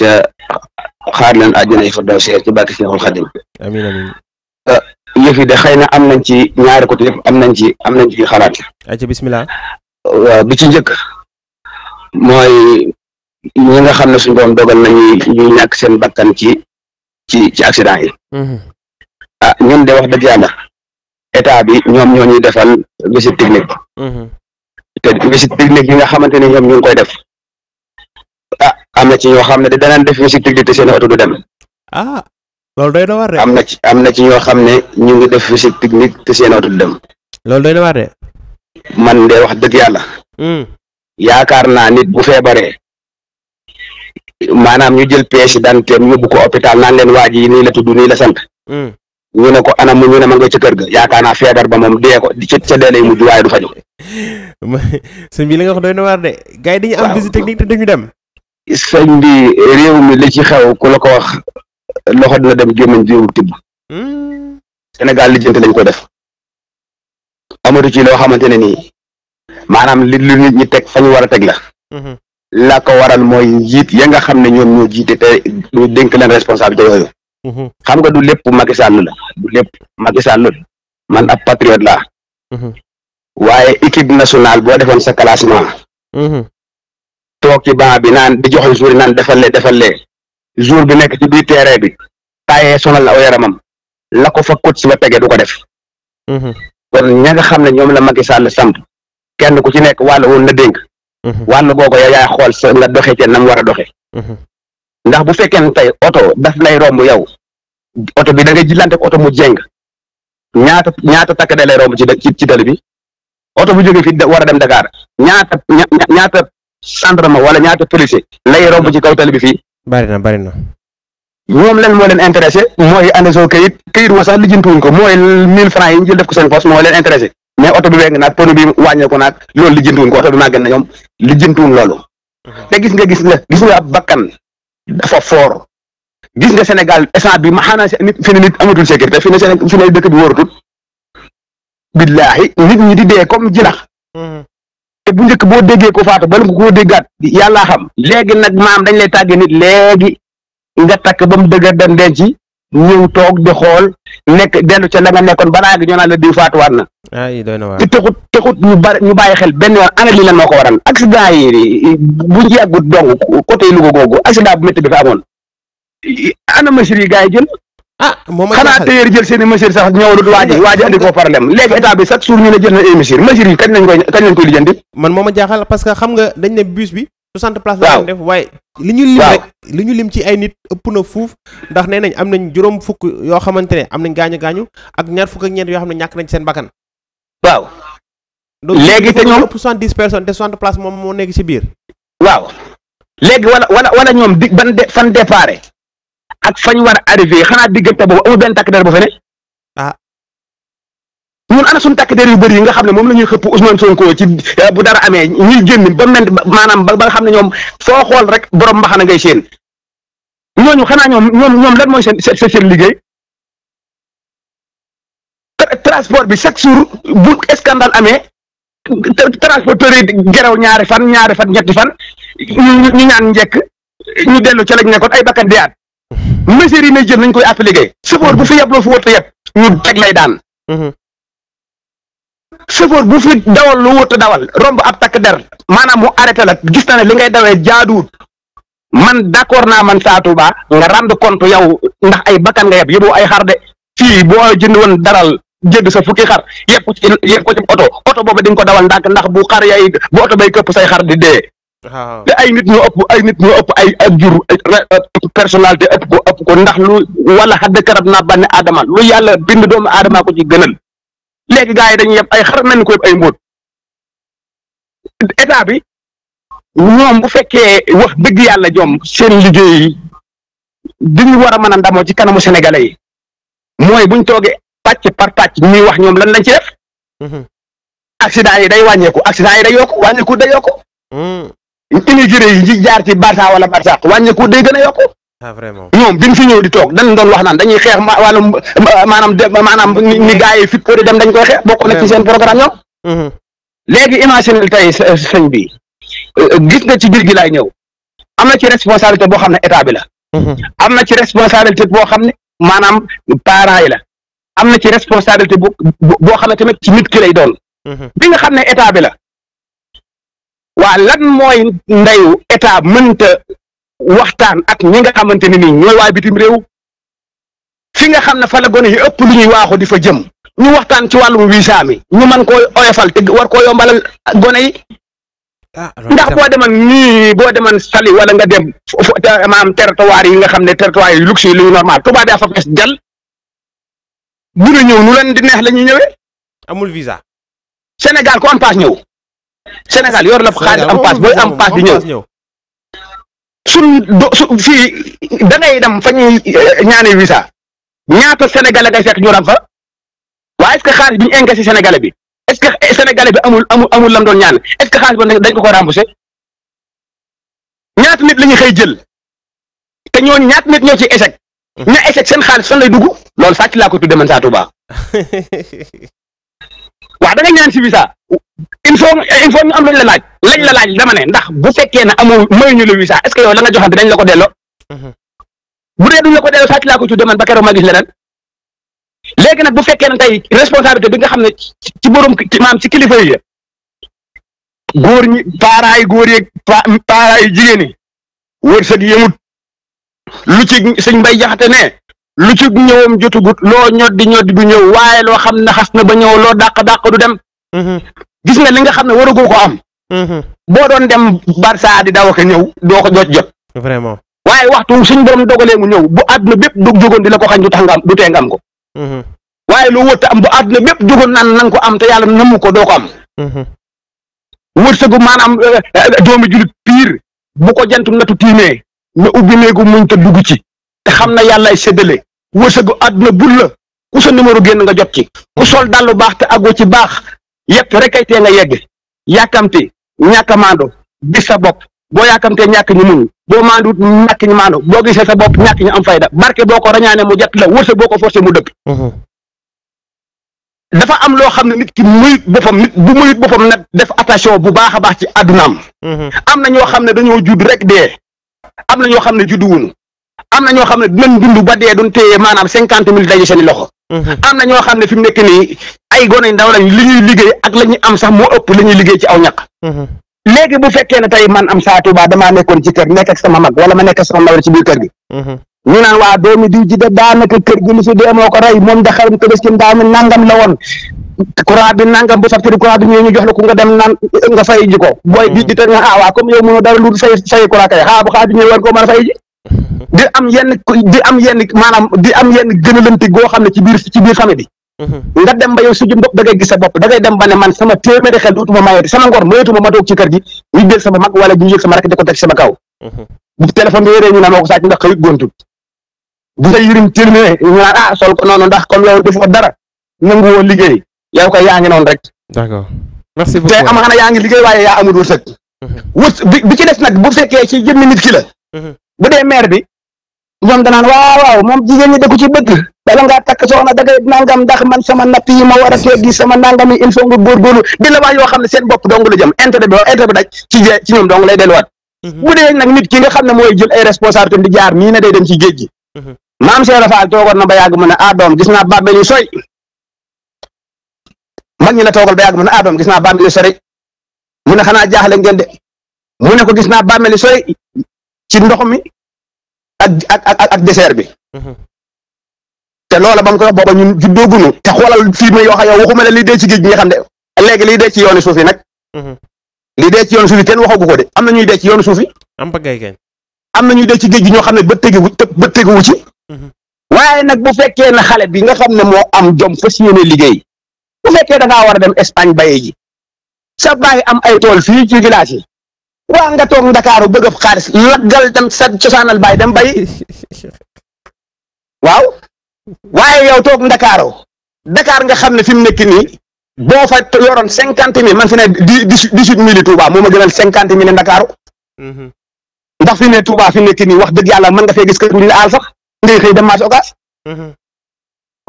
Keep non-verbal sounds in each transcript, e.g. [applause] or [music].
ca xaar leen àjjana yi fa daw seer ci barke Seexul Xadim amiin amiin ah, yëf yi de xay na am nañ ci ñaar côté yëpp am nañ ci am nañ ci xalaat ayca bismillah waaw bi ci njëkk mooy ñi nga xam ne suñu borom dogal nañu ñuy ñàkk seen bakkan ci ci ci accident yi mhm. a ah, ñun de wax dëgg yàlla état bi ñoom ñoo ñuy defal visite technique mhm. te visite technique yi nga xamante ne ñoom ñu ngi def am na ci ñoo xam ne de danaan def musique publique te seen oto du dem. ah loolu doy na war de. am na ci am na ci ñoo xam ne ñu ngi def musique publique te seen oto dem. loolu doy na war de. man de wax dëgg yàlla. Hmm. yaakaar naa nit bu feebaree. maanaam ñu jël pièce d'identité am yóbbu ko hôpital naan leen waa ji nii la tudd ni la sant. Hmm. ñu ne ko anam mu ñu ne ma nga ca kër ga yaakaar naa feebar ba moom dee ko ca ca dee lay mujj waaye du faju [laughs] sëñ bi li nga wax doy na waar de. gars yi dañuy am dem. sëñ bi réew mi li ci xew ku la ko wax loxo dina dem gémmiñ jiw tibb hmm. Sénégal lijjanti lañ ko def amatu ci loo xamante ne nii li li lu nit ñi teg fa ñu war a teg la hmm. la ko waral mooy njiit ya xam ne ñoom ñoo jiite te ñu dénk leen responsabilité yooyu hmm. xam nga du lépp Macky Sall la du lépp Macky Sall la man équipe nationale boo defoon sa classement toog ci bi naan di joxoñ suuri naan defal lee defal lee jour bi nekk ci biir terrain bi taayee sonal na aw yaramam la ko fa kot si ba tegee du ko def mhm. kon ña xam ne ñoom la Macky Sall samp kenn ku ci nekk wàll woon na dénk mhm. wàll googu yow yaay xool sa nga doxe ci nam war a doxe mhm. ndax bu fekkee ne tey oto daf lay romb yow oto bi da nga jilante oto mu jéng ñaata ñaata takk da lay romb ci ci tali bi oto bu jógee fi war a dem Dakar ñaata gendarme wala ñaata policier lay romb ci kaw tali bi fi bari na bari na. ñoom lan moo leen intéressé mooy andi soo kayit kayit wa sax lijjantiwuñ ko mooy mille francs yi ñu jël def ko seen poche moo leen intéressé mais oto bi weng naag pono bi wàññeeku naag loolu lijjantiwuñ ko oto bi màgg na ñoom lijjantiwuñ loolu. Mhm. te gis nga gis na gis nga a bakkan dafa foor gis nga Sénégal instant bi ma xanaa nit fi ne nit amatul sécurité fi ne Sénégal fi ne dëkk bi wóoratul te bu njëkk boo déggee ko faatu bala nga koo déggaat yàllaa xam léegi nag maam dañ lay tàggee nit léegi nga takk ba mu dëgër dem denc ñëw toog di xool nekk dellu ca la nga nekkoon balaa gi ñoo naan la diw faatuwaat na. ay doy te taxut taxut ñu bari ñu bàyyi xel benn yoon ana lii lan moo ko waral accident yi buñ yàggut dong côté Louga googu accident bu métti bi fa amoon ana machine yi gars yi jël ah moom xanaa téyeer jël seen i a jaaxal parce que xam nga dañ ne bus bi. 60 places la def waaye. li ñu lim ci ay nit ëpp na fuuf ndax nee nañ am nañ juróom fukk yoo xamante ne am nañ gaañu gaañu ak ñaar fukk ak yoo xam ne ñàkk nañ seen bakkan. waaw. léegi te ñoom donc 70 personnes te 60 places moom moo nekk ci biir. waaw léegi wala wala wala ñoom di ban fan départ ak fañ war a arrivé xanaa diggante boobu amul benn takk der bu fene ah ñun ana suñu takk yu bëri yi nga xam ne moom la ñuy xëpp Ousmane Sonko ci eh, bu dara amee ñuy génn ba mel maanaam ba nga xam ne ñoom soo xool rek borom mbaxana ngay seen ñooñu xanaa ñoom ñoom ñoom lan mooy seen seen seen liggéey transport bi chaque jour bu scandale amee transporteur yi gerew ñaari fan ñaari fan ñetti fan ñu ñaan njekk ñu dellu ca lañ nekkoon ay bakkan deyaat mesures yi may jël nañ koy appliqué chauffeur bu fi yeb loo fi wóot a yeb ñu teg lay daan mhm. chauffeur bu fi dawal lu wóot dawal romb ab takk der maanaam mu arrêté la gis na ne li ngay dawee jaaduwut man d'accord naa man Sa Touba nga rendre compte yow ndax ay bakkan nga yeb yóbbu ay xar de fii boo jënd woon daral jënd sa fukki xar yeb ko ci yeb ko ci oto oto boobu di ko dawal ndànk ndax bu xar yaay bu oto bay këpp say xar di dee te ay nit ñoo ëpp ay nit ñoo ëpp ay ak jur ko ndax lu wala xadd karab naa bànne aadama lu yàlla bind doomu aadama ko ci gënal léegi gars yi dañuy yëpp ay xar mel ni ko ay mbóot état bi ñoom bu fekkee wax dëgg yàlla jom seen liggéey yi diñu war a mën a ci kanamu sénégalais yi mooy buñ toogee pàcc par pàcc ñuy wax ñoom lan lañ ci def mhm. accident yi day wàññeeku accident yi day yokku wàññeeku day yokku mhm. i yi ñi jaar ci Barça wala Barsaq wàññeeku day gën a yokku. ah vraiment ñoom bi ñu fi ñëw di toog dañ doon wax naan dañuy xeex wàllum maanaam de maanaam ni gars yi fit dem dañ koy xeex bokk na ci seen programme ñoom. Mm-hmm. léegi imaginer tey sëñ bi euh, euh, gis nga ci biir gi laay ñëw am na ci responsabilité boo xam ne état bi la. Mm-hmm. am na ci responsabilité boo xam ne maanaam parents yi la am na ci responsabilité bo boo xam ne tamit ci nit ki lay doon. Mm-hmm. bi nga xam ne état bi la. waa lan mooy ndeyu état mënta waxtaan ak ñi nga xamante ni nii ñooy bitim réew fi nga xam ne fa la yi ëpp lu ñuy waaxu di fa jëm ñu waxtaan ci wàllum visa mi ñu mën koo oyofal te war koo yombalal gone yi ah, ndax boo deman ni boo deman Saly wala nga dem maam territoire yi nga xam ne territoire yu luxe yi lu normal tubaab yaa fa fees jal bu ñu nu leen di neex la ñuy ñëwee amul visa Sénégal ko am paas ñëw Sénégal yor la xaalis am paas booy am paas di ñëw suñ do su fii da ngay dem fa ñuy eh, ñaanee visa ñaata sénégalais ngay fekk ñu ram fa waaye est-ce xaalis bi ñu encaissé sénégalais bi est-ce que eh, bi amul amul lam doon ñaan est xaalis ba dañ ko ko remboursé ñaata nit la ñuy xëy jël te ñooñu ñaata nit ñoo ci échec mm-hmm. ña échec seen xaalis fan lay dugg loolu sàcc laa ko tuddee man saa Touba [laughs] waaw da ñaan si visa il faut il am lañ la laaj lañ la laaj dama ne ndax bu fekkee ne amoo mayuñu la visa est-ce que yow la nga joxante dañ la ko delloo mhm. bu dee duñ la ko delloo sàcc laa ko ci man ba keroog ma gis leneen léegi nag bu fekkee ne tey responsabilité bi nga xam ne ci borom maam ci kilifa yi góor ñi paaraay góor yeeg paaraay jigéen ñi wërsëg yemut lu ci sëñ mbay jaxate ne lu ci ñëwam jotugut loo ñoddi ñoddi bu ñëw waaye loo xam ne xas na ba ñëw loo dàq dàq du dem mhm. gis nga li nga xam ne waragoo ko am. Mhm. boo doon dem Barça di daw ak ñëw doo ko jot jot. vraiment waaye waxtu suñ borom dogalee mu ñëw bu àdduna bépp dug jógoon di la ko xañ du tax nga am du tee ko. Mhm. waaye loo wot am bu àdduna bépp jógoon naan na nga ko am te yàlla namu ko doo ko am. Mhm. wërsëgu maanaam euh, euh, doomi julit piir bu ko jant natu tiimee na ubbi néegu muñ te dugg ci te xam na yàllaay séddale wërsëgu àdduna bul la ku sa numéro génn nga jot ci ku sol dàllu baax te àggoo baax yekk rek kay tee nga yegg yàkkamti ñàkk a maandu gis sa bopp boo yàkkamtee ñàkk ñu muñ boo maanduut ñàkk ñu maandu boo gisee sa bopp ñàkk ñu am fayda barke boo ko rañaane mu jot la wërsëg boo ko forcé mu dëpp mhm. dafa am loo xam ne nit ki muyut boppam nit bu muyut boppam nag def attention bu baax a baax ci àddunaam mhm. am na ñoo xam ne dañoo judd rek dee am na ñoo xam ne juddu wuñu am na ñoo xam ne dinañ dund ba dee duñ mhm. nekk nii ay gone ndaw lañ liggéey ak la ñuy am sax moo ëpp li liggéey ci aw ñaq. Mhm. léegi bu fekkee ne tey man am saa Tuubaa damaa nekkoon ci kër nekk sama mag wala ma nekk sama nawle ci biir kër gi. Mhm. ñu naan waa doomi diw ji de daanaka kër gi lu si dee ko rey moom da xarum tabaski daaw mi nangam la woon nangam bu facture courant bi ñu jox ku nga dem naan nga fay ko. booy di te nga ah comme yow mënoo dara lu fay a fay di am yenn di am yenn maanaam di am yenn gënalante goo xam ne ci biir ci biir famille bi mm-hmm. nga dem ba yow bopp da ngay gis sa bopp da ngay dem ba ne man sama téeméeri xel duutuma mayeeti sama ngor mayeetuma ma toog ci kër gi ñu jël sama mag wala ñu jël sama rek di ko teg sama kaw mm-hmm. bu téléphone bi yirim tirmee ñu ah sol noonu ndax comme yow defoo dara nangu liggéey yow koy yaa ngi noonu rek d'accord merci beaucoup te am xanaa yaa ngi liggéey waaye yaa amul wërsëg mm-hmm. wërs bi bi ci des nag bu fekkee ci jëmmi nit ki la bu dee maire bi ñoom danaan waaw waaw moom jigéen ñi da ko ci bëgg bala ngaa takk soxna da ngay nangam ndax man sama natt yi ma war a sama nangam yi il faut nga góorgóorlu di la wax yoo xam ne seen bopp dong la jëm intérêt bi intérêt daj ci ñoom dong lay delluwaat. Mhm. bu dee nag nit ki nga xam ne mooy jël ay responsabilité di jaar nii na day dem ci géej gi. Mhm. maam Cheikh a toogoon na ba yàgg mu ne ah doom gis naa bàmmeel yu sooy mag ñi la toogal ba yàgg mu ne ah doom gis naa bàmmeel yu sori mu ne xanaa jaaxle ngeen de mu ne ko gis naa bàmmeel yu ci ndox mi ak ak ak ak dessert bi. Mm-hmm. te loola ba mu ko wax booba ñun juddooguñu te xoolal fii muy wax ak yow waxuma la lii dee ci géej gi nga xam ne léegi lii dee ci yoonu suuf yi nag. Mm-hmm. lii dee ci yoonu suuf yi waxagu ko de am na ñuy dee ci yoonu suuf yi. am na ñuy dee géej gi ñoo xam ne ba tegewu ba tegewu ci. Mm-hmm. waaye nag bu fekkee ne xale bi nga xam ne moo am jom fas yéene liggéey bu fekkee da war a dem Espagne bayee ji sa baay am ay tool fii ci waa nga toog Ndakaaru bëgg a xaalis laggal dem sa cosaanal baay dem bay waaw waaye yow toog Ndakaaru Dakar nga xam ne fi mu nekk nii boo fa yoroon cinquante mille man fi ne dix-huit mille Touba moo ma gënal cinquante mille Ndakaaru mm-hmm. ndax fi ne Touba fi nekk nii wax dëgg yàlla mën nga fee gis kër duñu la aal sax ngay xëy dem marché occas mm-hmm.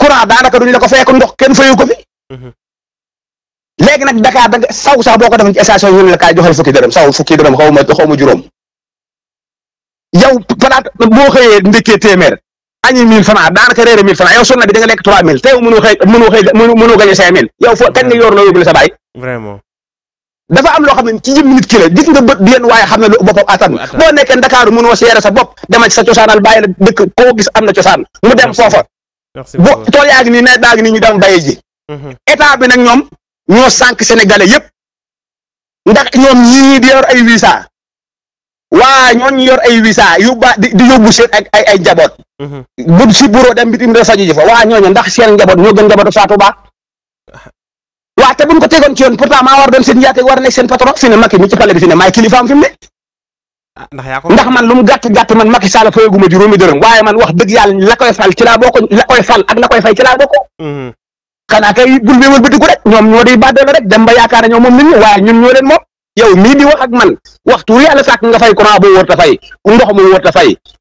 courant daanaka duñu la ko fekk ndox kenn fayu ko fi mm-hmm. la kaay joxal fukki dërëm boo xëyee ndekkee téeméer añi mille franc daanaka réere mille da nga lekk trois mille loo dafa am loo xam ne ci jëm nit ki la gis nga bët waaye xam ne lu boppam attan boo nekkee Dakar mënoo seere sa bopp demal ci sa cosaanal bàyyi la dëkk koo gis am na cosaan mu dem foofa bo tool yaa ngi nii nawet baa nii ñu dem baye ji mhm. état bi ñoom ñoo sànq sénégalais yépp ndax ñoom ñii di yor ay visa waa ñoon ñu yor ay visa yu ba di yóbbu seen ak ay ay njaboot mhm. bu si bureau dem bitim réew sajo ji fa waa ñooñu ndax seen njaboot ñoo gën njabootu Fatou Ba waa te buñ ko tegoon ci yoon pourtant maa war doon seen yaate war nekk seen patron fi ne Macky mi ci pale bi fi ne maay kilifaam fi mu ne ah, ndax man lu mu gàtt gàtt man Macky Sall fayaguma juróomi dërëm waaye man wax dëgg yàlla la koy fal ci laa bokk la koy fal ak la koy xanaa kay bul bi di bàddoo rek ñoom ñoo leen moo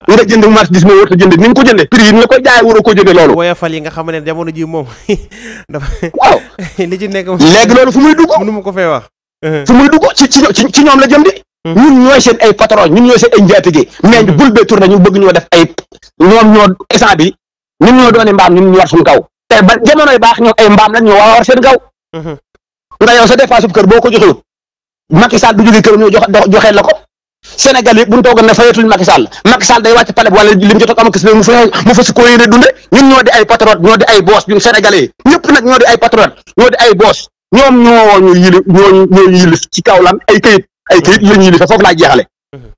wër ta jënd ni nga ko jënde prix yi nga ko jaay waroo ko jënde loolu woyofal [laughs] [laughs] ci nekk léegi loolu fu muy dugg mënu ma ko fay wax muy dugg ci ñoom la jëm di hmm. ñun ñooy seen ay patron ñun ñooy seen ay njaatige hmm. ñu bëgg ñoo def ay ñoom ñoo instant bi ñun ñoo doone mbaam ñun kaw te ba jamonoy baax ñoom ay mbaam lañ ñu war a war seen gaw. Mhm. nga yow sa dépense kër boo ko joxewut Macky Sall du jóge këram ñëw jox joxe la ko Sénégal yëpp bu ñu toogoon ne fayetuñ Macky Sall Macky Sall day wàcc palais wala li mu jot a am kës mu fa mu fa si koo yéene dunde ñun ñoo di ay patriote ñoo di ay boss ñun sénégalais ñëpp nag ñoo di ay patriote ñoo di ay boss ñoom ñoo ñu yili ñoo ñoo yilif ci kaw lan ay kayit ay kayit lañ yilife foofu laa jeexale mhm.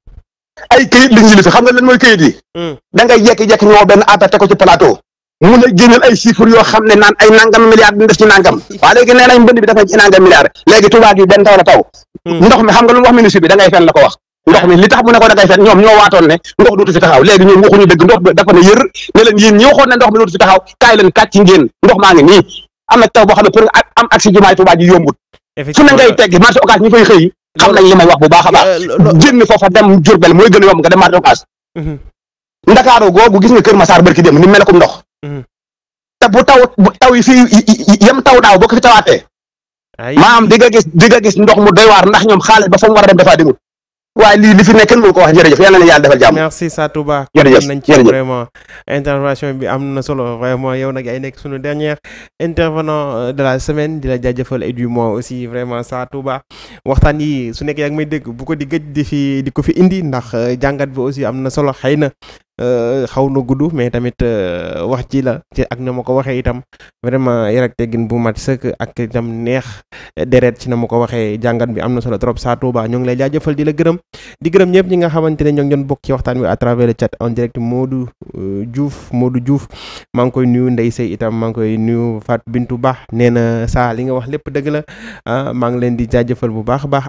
ay kayit lañ yilife xam nga lan mooy kayit yi mhm. da ngay jekki-jekki ñoo benn attaque ko ci plateau mu lay génneel ay chiffres yoo xam ne naan ay nangam milliards dina def ci nangam waaw léegi nee nañ mbënd bi dafa ci taw hmm. ndox mi xam nga lu mu wax ministre bi da ngay fen la ko wax ndox mi li tax mu ne ko da ngay fen ñoom ñoo waatoon ne ndox dootu fi taxaw léegi ñoom waxuñu dëgg dafa ne yër ne leen yéen ñi ne ndox mi dootu fi taxaw kaay leen kàcc ngeen ndox maa ngi nii am na taw boo xam ne pour nga am accès jumaay Touba ji yombut fu ne ngay tegg marché occas ñu fay xëy xam nañ li may wax bu baax a baax euh, génn foofa dem Jurbel mooy gën a yomb nga dem dem hmm. ni mel ko ndox Mhm. te bu taw bu taw yi fii yem taw daaw boo ko fi tawaatee maam di nga gis di nga gis ndox mu doy ndax ñoom xaalis ba fa mu war a dem defaa demul waaye lii li fi nekk kenn ko wax jërëjëf yàlla na yàlla defal jàmm. merci Satou Ba jërëjëf nañ ci vraiment intervention bi am na solo vraiment yow nag yaay nekk sunu dernier intervenant euh, de la semaine di la jaajëfal et du aussi vraiment Satou tuba waxtaan yi su nekkee yaa ngi may dégg bu ko di gëj di fi di ko fi indi ndax euh, jàngat bi aussi am na solo xëy na Euh, xaw na guddu mais tamit euh, wax ci la ci ak na ma ko waxee itam vraiment yar ak teggin bu mat sëkk ak itam neex euh, deret ci na ma ko waxee jàngat bi am na solo trop Sa baax ñoo ngi lay jaajafal di la gërëm di gërëm ñëpp ñi nga xamante ne ñoo ngi doon bokk ci waxtaan wi à travers le chat en direct Modou Diouf Modou juuf maa ngi koy nuyu Ndey Sey itam maa ngi koy nuyu Fatou Bintou baax nee na saa li nga wax lépp dëgg la ah, maa ngi leen di jaajëfal bu baax a baax.